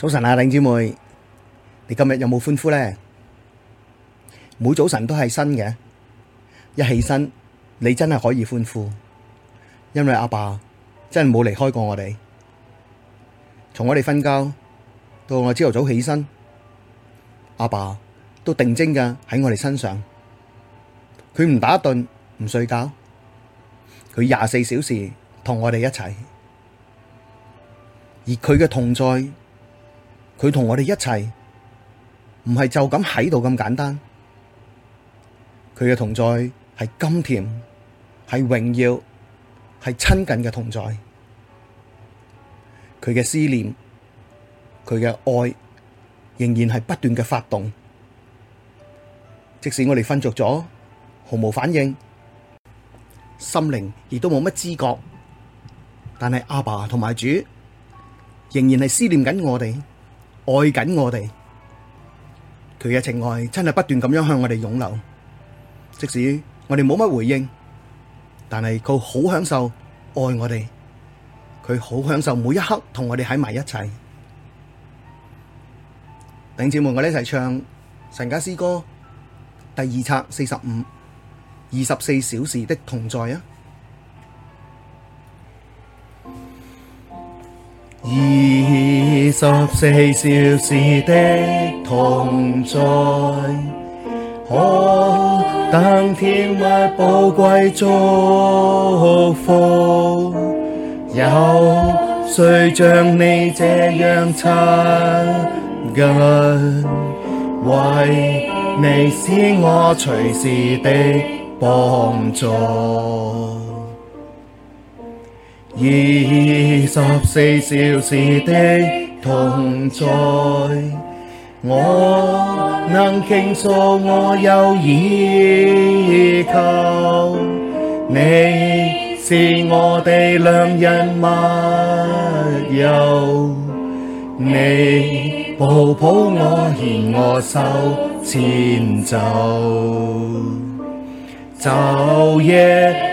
早晨啊，弟兄姊妹，你今日有冇歡呼咧？每早晨都係新嘅，一起身你真係可以歡呼，因為阿爸,爸真係冇離開過我哋，從我哋瞓覺到我朝頭早起身，阿爸,爸都定睛嘅喺我哋身上，佢唔打盹唔睡覺，佢廿四小時同我哋一齊，而佢嘅同在。佢同我哋一齊唔係就咁喺度咁簡單，佢嘅同在係甘甜，係榮耀，係親近嘅同在。佢嘅思念，佢嘅愛，仍然係不斷嘅發動，即使我哋瞓着咗，毫無反應，心靈亦都冇乜知覺，但係阿爸同埋主仍然係思念緊我哋。愛緊我哋，佢嘅情愛真係不斷咁樣向我哋湧流，即使我哋冇乜回應，但係佢好享受愛我哋，佢好享受每一刻同我哋喺埋一齊。弟兄們，我哋一齊唱《神家詩歌》第二冊四十五二十四小時的同在啊！二十四小時的同在，何等甜蜜寶貴祝福，有誰像你這樣親近？唯你是我隨時的幫助。二十四小時的同在，我能傾訴，我有倚靠，你是我的良人密友，你保抱我，牽我手前走。走 晝夜。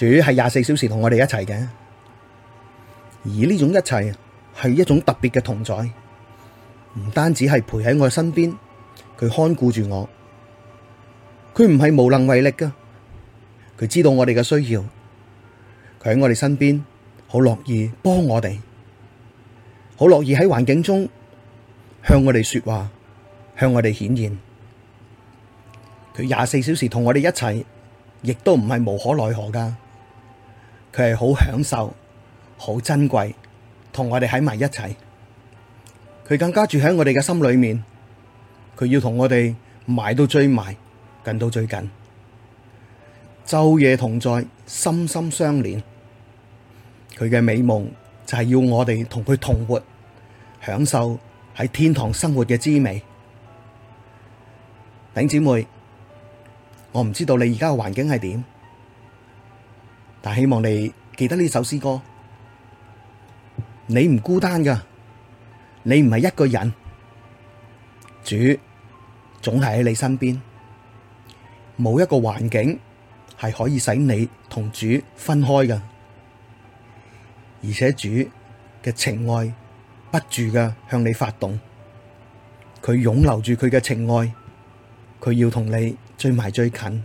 主係廿四小時同我哋一齊嘅，而呢種一齊係一種特別嘅同在，唔單止係陪喺我身邊，佢看顧住我，佢唔係無能為力噶，佢知道我哋嘅需要，佢喺我哋身邊，好樂意幫我哋，好樂意喺環境中向我哋說話，向我哋顯現，佢廿四小時同我哋一齊，亦都唔係無可奈何噶。佢係好享受，好珍貴，同我哋喺埋一齊。佢更加住喺我哋嘅心裏面，佢要同我哋埋到最埋、近到最近，晝夜同在，心心相連。佢嘅美夢就係要我哋同佢同活，享受喺天堂生活嘅滋味。弟姊妹，我唔知道你而家嘅環境係點。但希望你記得呢首詩歌，你唔孤單噶，你唔係一個人，主總係喺你身邊，冇一個環境係可以使你同主分開嘅，而且主嘅情愛不住嘅向你發動，佢擁留住佢嘅情愛，佢要同你最埋最近，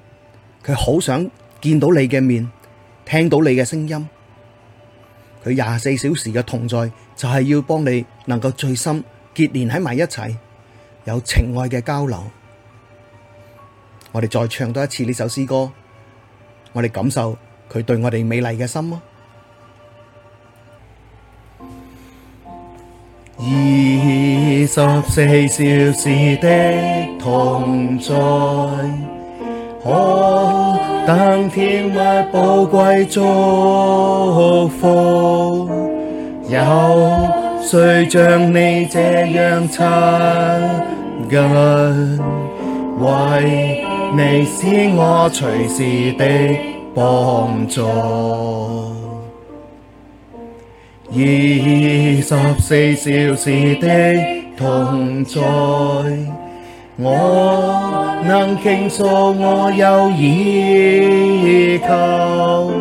佢好想見到你嘅面。聽到你嘅聲音，佢廿四小時嘅同在，就係要幫你能夠最深結連喺埋一齊，有情愛嘅交流。我哋再唱多一次呢首詩歌，我哋感受佢對我哋美麗嘅心咯。二十四小時的同在，可。等甜蜜寶貴祝福，有誰像你這樣親近，唯你是我隨時的幫助，二十四小時的同在。我能傾訴，我有倚靠，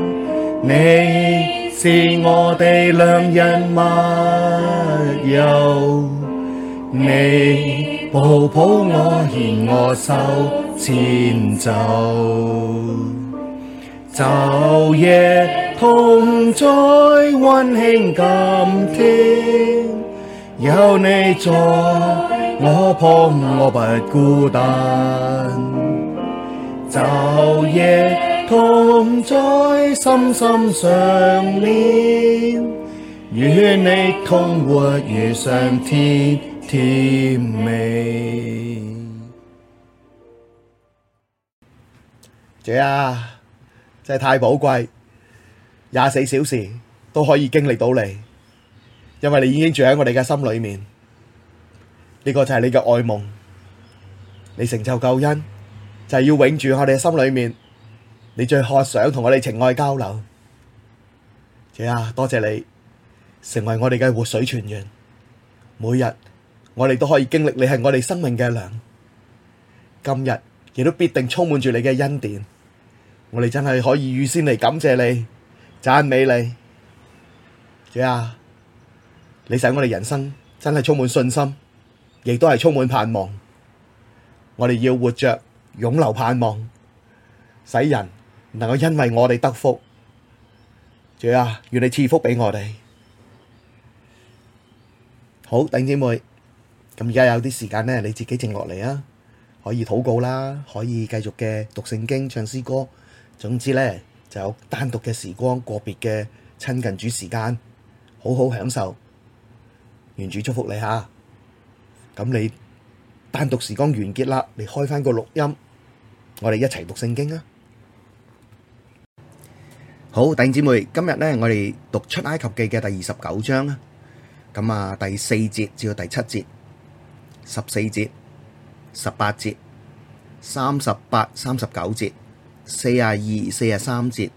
你是我的良人密友，你保抱我，牽我手前走，晝夜同在，溫馨、甘甜，有你在。我旁我不孤單，晝夜同在深深上，心心相連，與你同活，預嘗天甜美。主啊，yeah, 真係太寶貴，廿四小時都可以經歷到你，因為你已經住喺我哋嘅心裏面。呢個就係你嘅愛夢，你成就救恩就係要永住我哋嘅心裏面。你最渴想同我哋情愛交流，主啊，多謝你成為我哋嘅活水泉源。每日我哋都可以經歷你係我哋生命嘅糧，今日亦都必定充滿住你嘅恩典。我哋真係可以預先嚟感謝你、讚美你，主啊，你使我哋人生真係充滿信心。亦都係充滿盼望，我哋要活着，永留盼望，使人能夠因為我哋得福。主啊，願你賜福俾我哋。好，弟兄姊妹，咁而家有啲時間咧，你自己靜落嚟啊，可以禱告啦，可以繼續嘅讀聖經、唱詩歌，總之咧就有單獨嘅時光、個別嘅親近主時間，好好享受。願主祝福你吓。咁你單獨時光完結啦，你開翻個錄音，我哋一齊讀聖經啊！好，弟兄姊妹，今日咧我哋讀出埃及記嘅第二十九章啊，咁啊第四節至到第七節，十四節、十八節、三十八、三十九節、四十二、四十三節、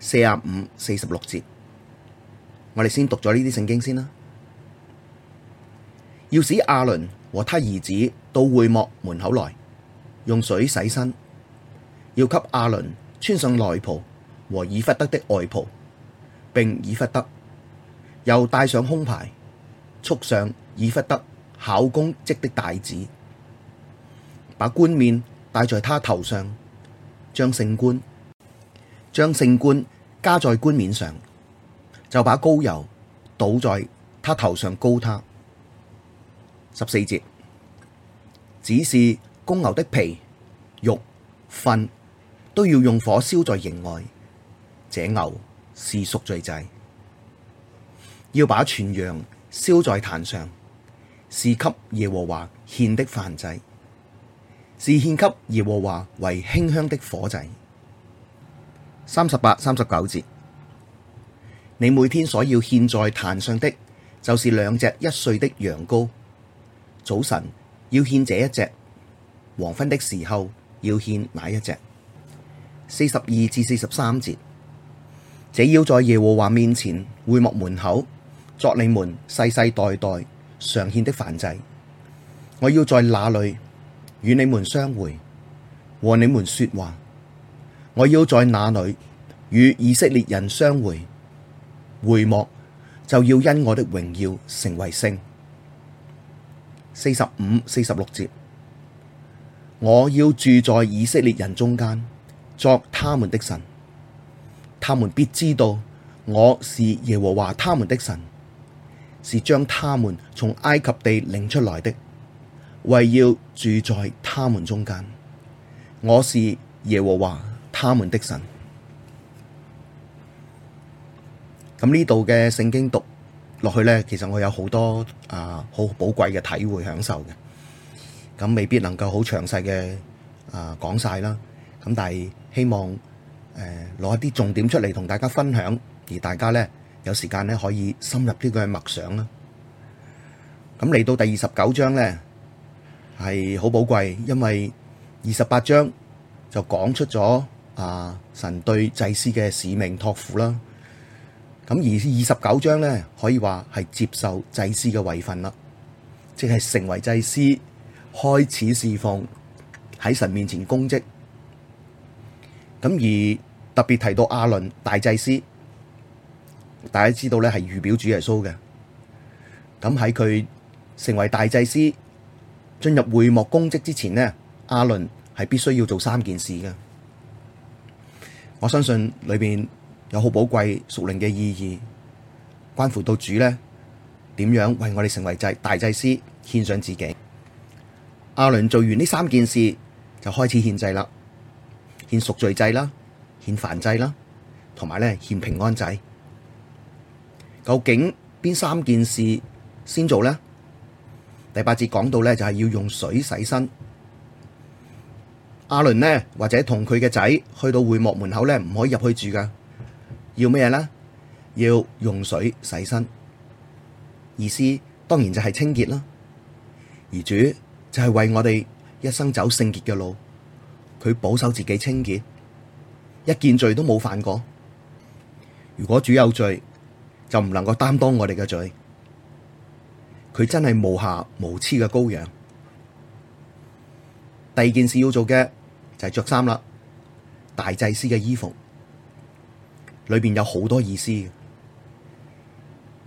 四十五、四十六節，我哋先讀咗呢啲聖經先啦。要使亞倫和他兒子到會幕門口來，用水洗身，要給亞倫穿上內袍和以弗得的外袍，並以弗得又戴上胸牌，束上以弗得巧工織的帶子，把冠冕戴在他頭上，將聖冠將聖冠加在冠冕上，就把膏油倒在他頭上，膏他。十四節，只是公牛的皮、肉、糞都要用火燒在營外，這牛是贖罪祭。要把全羊燒在壇上，是給耶和華獻的燔祭，是獻給耶和華為馨香的火祭。三十八、三十九節，你每天所要獻在壇上的，就是兩隻一歲的羊羔。早晨要獻這一隻，黃昏的時候要獻那一隻。四十二至四十三節，這要在耶和華面前、會幕門口，作你們世世代代常獻的燔祭。我要在那裡與你們相會，和你們說話。我要在那裡與以色列人相會。會幕就要因我的榮耀成為聖。四十五、四十六節，我要住在以色列人中間，作他們的神，他們必知道我是耶和華他們的神，是將他們從埃及地領出來的，為要住在他們中間。我是耶和華他們的神。咁呢度嘅聖經讀落去咧，其實我有好多啊好、呃、寶貴嘅體會享受嘅，咁未必能夠好詳細嘅啊、呃、講晒啦，咁但係希望誒攞、呃、一啲重點出嚟同大家分享，而大家咧有時間咧可以深入啲嘅默想啦。咁嚟到第二十九章咧係好寶貴，因為二十八章就講出咗啊、呃、神對祭司嘅使命托付啦。咁而二十九章呢，可以話係接受祭司嘅位分啦，即係成為祭司，開始侍奉喺神面前供職。咁而特別提到亞倫大祭司，大家知道呢係預表主耶穌嘅。咁喺佢成為大祭司，進入會幕供職之前呢，亞倫係必須要做三件事嘅。我相信裏邊。有好寶貴屬靈嘅意義，關乎到主呢點樣為我哋成為祭大祭司，獻上自己。阿倫做完呢三件事，就開始獻祭啦，獻贖罪祭啦，獻燔祭啦，同埋呢獻平安祭。究竟邊三件事先做呢？第八節講到呢，就係、是、要用水洗身。阿倫呢，或者同佢嘅仔去到會幕門口呢，唔可以入去住噶。要咩嘢咧？要用水洗身，意思當然就係清潔啦。而主就係為我哋一生走聖潔嘅路，佢保守自己清潔，一件罪都冇犯過。如果主有罪，就唔能夠擔當我哋嘅罪。佢真係無瑕無疵嘅羔羊。第二件事要做嘅就係着衫啦，大祭司嘅衣服。裏邊有好多意思，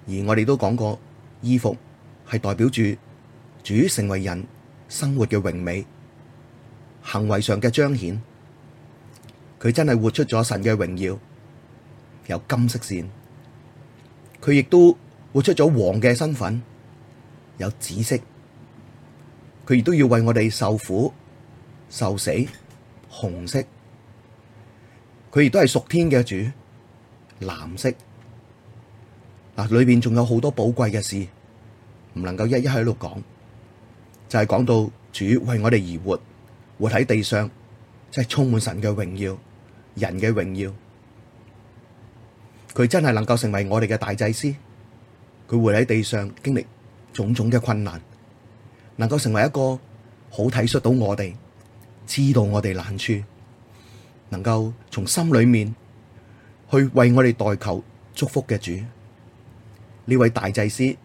而我哋都講過，衣服係代表住主成為人生活嘅榮美，行為上嘅彰顯。佢真係活出咗神嘅榮耀，有金色線；佢亦都活出咗王嘅身份，有紫色。佢亦都要為我哋受苦、受死，紅色。佢亦都係屬天嘅主。藍色嗱，裡面仲有好多寶貴嘅事，唔能夠一一喺度講，就係講到主為我哋而活，活喺地上，即係充滿神嘅榮耀，人嘅榮耀。佢真係能夠成為我哋嘅大祭司，佢活喺地上，經歷種種嘅困難，能夠成為一個好體恤到我哋，知道我哋難處，能夠從心裏面。去為我哋代求祝福嘅主，呢位大祭司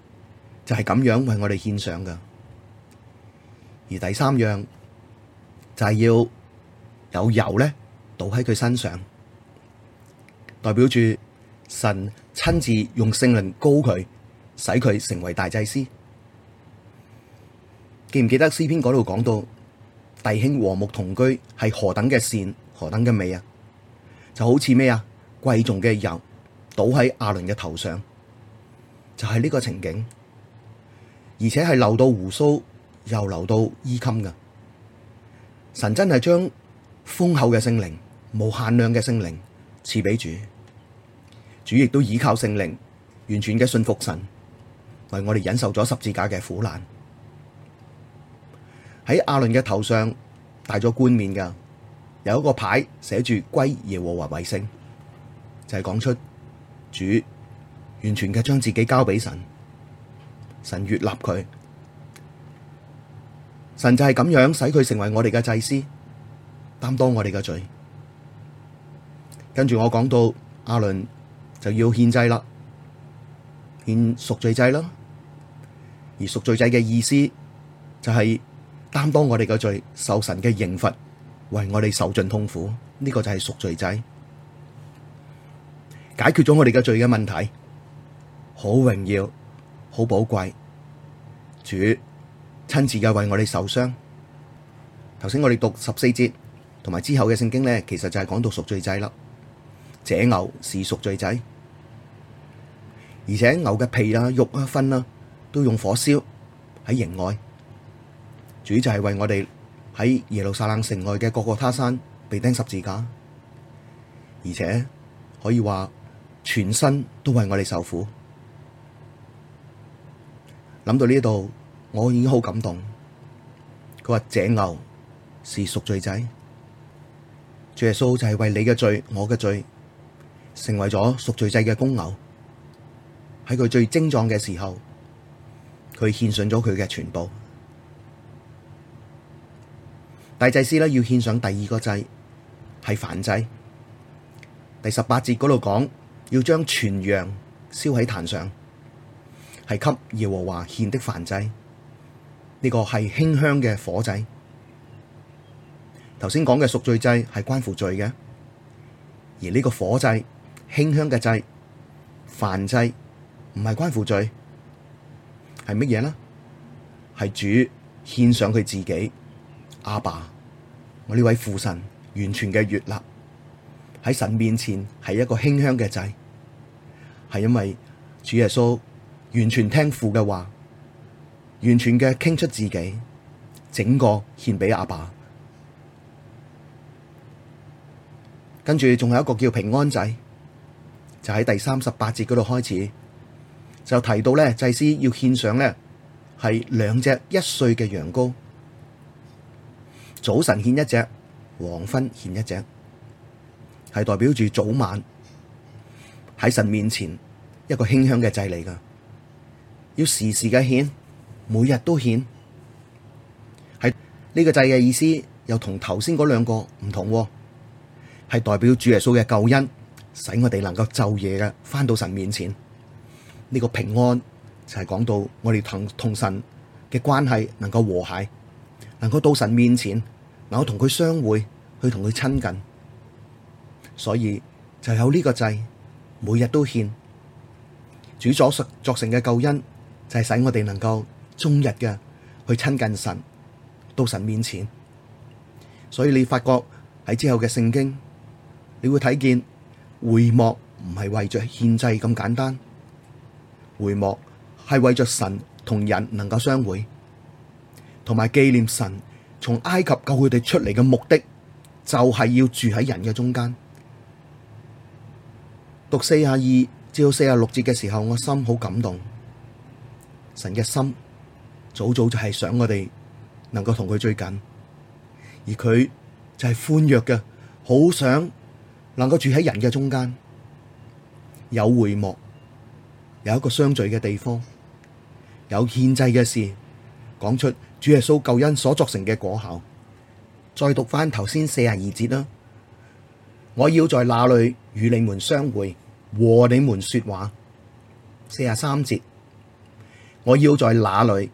就係咁樣為我哋獻上噶而第三樣就係、是、要有油咧倒喺佢身上，代表住神親自用聖靈膏佢，使佢成為大祭司。記唔記得詩篇嗰度講到弟兄和睦同居係何等嘅善，何等嘅美啊？就好似咩啊？貴重嘅油倒喺阿倫嘅頭上，就係、是、呢個情景，而且係流到鬍鬚，又流到衣襟噶。神真係將豐厚嘅聖靈、無限量嘅聖靈賜俾主，主亦都倚靠聖靈，完全嘅信服神，為我哋忍受咗十字架嘅苦難。喺阿倫嘅頭上戴咗冠冕噶，有一個牌寫住歸耶和華為聖」。就係講出主完全嘅將自己交俾神，神越立佢，神就係咁樣使佢成為我哋嘅祭司，擔當我哋嘅罪。跟住我講到阿倫就要獻祭啦，獻贖罪祭啦。而贖罪祭嘅意思就係擔當我哋嘅罪，受神嘅刑罰，為我哋受盡痛苦。呢、這個就係贖罪祭。解決咗我哋嘅罪嘅問題，好榮耀，好寶貴。主親自嘅為我哋受傷。頭先我哋讀十四節，同埋之後嘅聖經咧，其實就係講到贖罪祭啦。這牛是贖罪祭，而且牛嘅皮啦、肉啦、糞啦，都用火燒喺營外。主就係為我哋喺耶路撒冷城外嘅各各他山被釘十字架，而且可以話。全身都為我哋受苦，諗到呢度我已經好感動。佢話：「這牛是贖罪祭。」耶穌就係為你嘅罪、我嘅罪，成為咗贖罪祭嘅公牛。喺佢最精壯嘅時候，佢獻上咗佢嘅全部。大祭司呢，要獻上第二個祭，係燔祭。第十八節嗰度講。要將全羊燒喺壇上，係給耶和華獻的燔祭。呢、這個係馨香嘅火祭。頭先講嘅贖罪祭係關乎罪嘅，而呢個火祭、馨香嘅祭、燔祭，唔係關乎罪，係乜嘢呢？係主獻上佢自己，阿爸，我呢位父神完全嘅悅納。喺神面前係一個馨香嘅祭。係因為主耶穌完全聽父嘅話，完全嘅傾出自己，整個獻俾阿爸。跟住仲有一個叫平安仔，就喺第三十八節嗰度開始，就提到咧祭司要獻上咧，係兩隻一歲嘅羊羔，早晨獻一隻，黃昏獻一隻，係代表住早晚。喺神面前一個馨香嘅祭嚟㗎，要時時嘅獻，每日都獻。喺呢個祭嘅意思又同頭先嗰兩個唔同哦，係代表主耶穌嘅救恩，使我哋能夠晝夜嘅翻到神面前。呢個平安就係講到我哋同同神嘅關係能夠和諧，能夠到神面前能夠同佢相會，去同佢親近。所以就有呢個祭。每日都獻主所作成嘅救恩，就係使我哋能夠終日嘅去親近神，到神面前。所以你發覺喺之後嘅聖經，你會睇見會幕唔係為着獻祭咁簡單，會幕係為着神同人能夠相會，同埋紀念神從埃及救佢哋出嚟嘅目的，就係要住喺人嘅中間。讀四廿二至到四廿六節嘅時候，我心好感動。神嘅心早早就係想我哋能夠同佢最緊，而佢就係寬約嘅，好想能夠住喺人嘅中間，有會幕，有一個相聚嘅地方，有獻祭嘅事，講出主耶穌救恩所作成嘅果效。再讀翻頭先四廿二節啦。我要在那裏與你們相會，和你們說話。四十三節，我要在那裏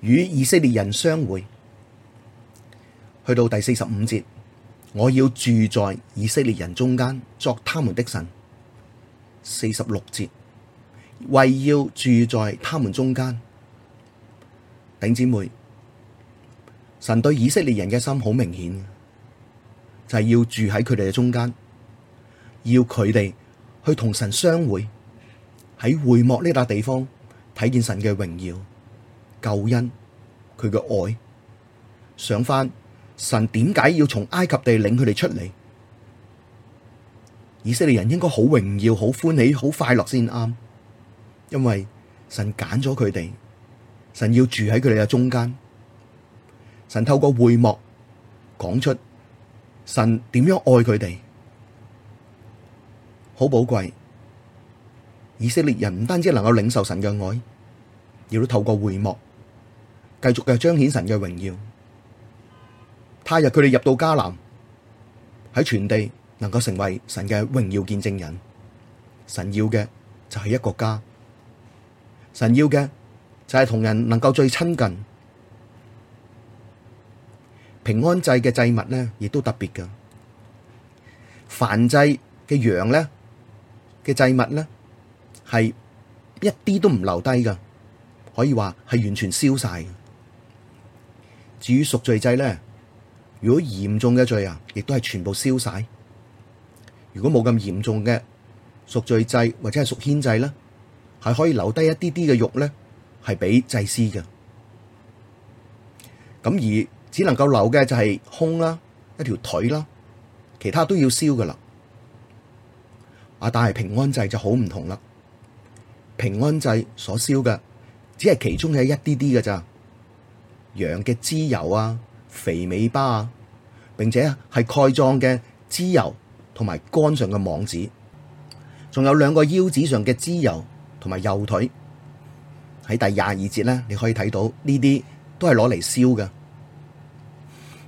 與以色列人相會。去到第四十五節，我要住在以色列人中間作他們的神。四十六節，為要住在他們中間。頂姊妹，神對以色列人嘅心好明顯。就係要住喺佢哋嘅中間，要佢哋去同神相會。喺會幕呢笪地方，睇見神嘅榮耀、救恩、佢嘅愛。想返神點解要從埃及地領佢哋出嚟？以色列人應該好榮耀、好歡喜、好快樂先啱，因為神揀咗佢哋，神要住喺佢哋嘅中間，神透過會幕講出。神點樣愛佢哋，好寶貴。以色列人唔單止能夠領受神嘅愛，亦都透過會幕，繼續嘅彰顯神嘅榮耀。他日佢哋入到迦南，喺全地能夠成為神嘅榮耀見證人。神要嘅就係一個家，神要嘅就係同人能夠最親近。平安祭嘅祭物咧，亦都特別噶。燔祭嘅羊咧嘅祭物咧，係一啲都唔留低噶，可以話係完全燒曬。至於贖罪祭咧，如果嚴重嘅罪啊，亦都係全部燒晒。如果冇咁嚴重嘅贖罪祭或者係贖愆祭咧，係可以留低一啲啲嘅肉咧，係俾祭司嘅。咁而只能夠留嘅就係胸啦、啊、一條腿啦、啊，其他都要燒嘅啦。啊，但係平安祭就好唔同啦。平安祭所燒嘅，只係其中嘅一啲啲嘅咋。羊嘅脂油啊、肥尾巴啊，並且係蓋臟嘅脂油同埋肝上嘅網子，仲有兩個腰子上嘅脂油同埋右腿。喺第廿二節咧，你可以睇到呢啲都係攞嚟燒嘅。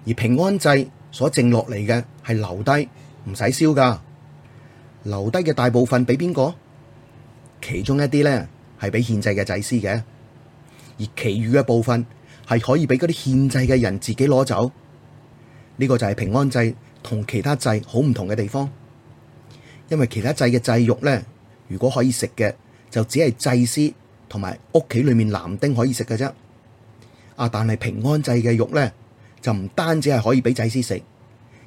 而平安祭所剩落嚟嘅係留低唔使燒噶，留低嘅大部分俾邊個？其中一啲咧係俾獻祭嘅祭司嘅，而其餘嘅部分係可以俾嗰啲獻祭嘅人自己攞走。呢、這個就係平安祭同其他祭好唔同嘅地方，因為其他祭嘅祭肉咧，如果可以食嘅就只係祭司同埋屋企裏面男丁可以食嘅啫。啊！但係平安祭嘅肉咧。就唔單止係可以俾仔孫食，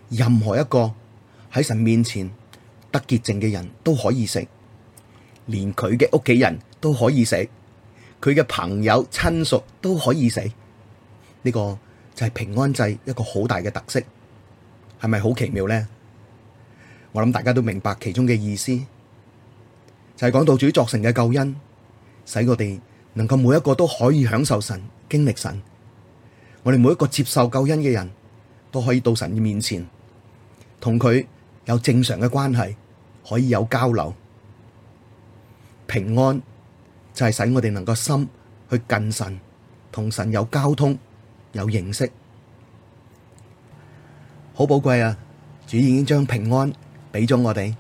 任何一個喺神面前得潔淨嘅人都可以食，連佢嘅屋企人都可以食，佢嘅朋友親屬都可以食。呢個就係平安祭一個好大嘅特色，係咪好奇妙呢？我諗大家都明白其中嘅意思，就係講到主作成嘅救恩，使我哋能夠每一個都可以享受神、經歷神。我哋每一個接受救恩嘅人都可以到神嘅面前，同佢有正常嘅關係，可以有交流。平安就係使我哋能夠心去近神，同神有交通，有認識，好寶貴啊！主已經將平安俾咗我哋，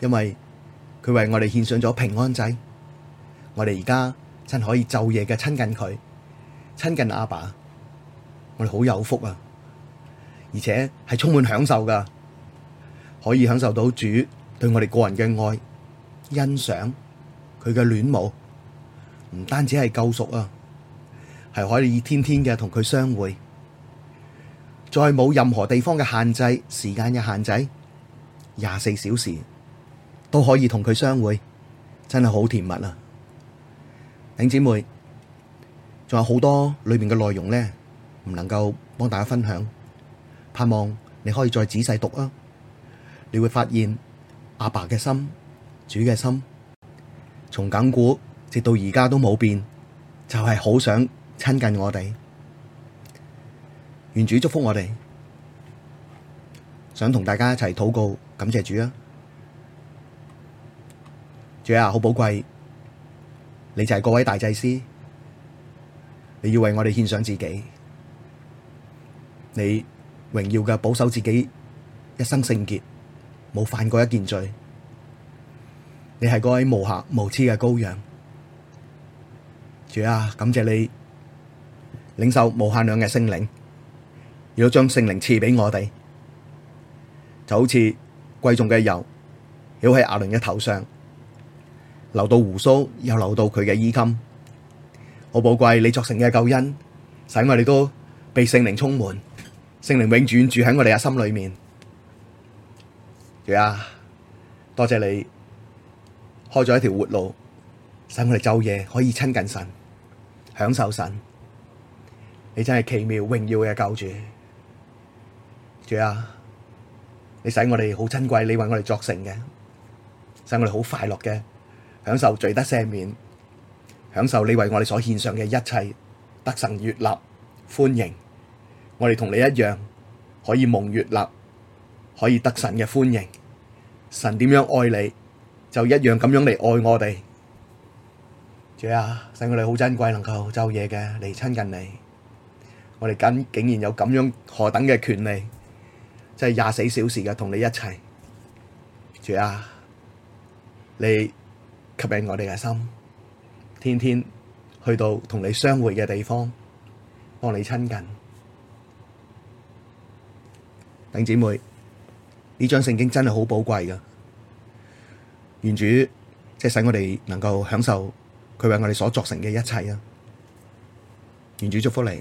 因為佢為我哋獻上咗平安祭，我哋而家真可以晝夜嘅親近佢，親近阿爸。我哋好有福啊，而且係充滿享受噶，可以享受到主對我哋個人嘅愛、欣賞佢嘅戀慕，唔單止係救贖啊，係可以天天嘅同佢相會，再冇任何地方嘅限制、時間嘅限制，廿四小時都可以同佢相會，真係好甜蜜啊！弟兄姊妹，仲有好多裏面嘅內容呢。唔能夠幫大家分享，盼望你可以再仔細讀啊！你會發現阿爸嘅心、主嘅心，從亙古直到而家都冇變，就係好想親近我哋。願主祝福我哋，想同大家一齊禱告，感謝主啊！主啊，好寶貴，你就係各位大祭司，你要為我哋獻上自己。你榮耀嘅保守自己一生聖潔，冇犯過一件罪。你係嗰位無瑕無疵嘅羔羊，主啊，感謝你領受無限量嘅聖靈，要將聖靈賜俾我哋，就好似貴重嘅油，澆喺亞倫嘅頭上，流到鬍鬚，又流到佢嘅衣襟。我寶貴你作成嘅救恩，使我哋都被聖靈充滿。聖靈永遠住喺我哋嘅心裏面，主啊，多謝你開咗一條活路，使我哋晝夜可以親近神，享受神。你真係奇妙榮耀嘅救主，主啊，你使我哋好珍貴，你為我哋作成嘅，使我哋好快樂嘅，享受罪得赦免，享受你為我哋所獻上嘅一切得神悅納歡迎。我哋同你一樣，可以蒙悅納，可以得神嘅歡迎。神點樣愛你，就一樣咁樣嚟愛我哋。主啊，使我哋好珍貴，能夠晝夜嘅嚟親近你。我哋咁竟，竟然有咁樣何等嘅權利，真係廿四小時嘅同你一齊。主啊，你吸引我哋嘅心，天天去到同你相會嘅地方，幫你親近。弟兄姊妹，呢張聖經真係好寶貴噶願主即係使我哋能夠享受佢為我哋所作成嘅一切啊！願主祝福你。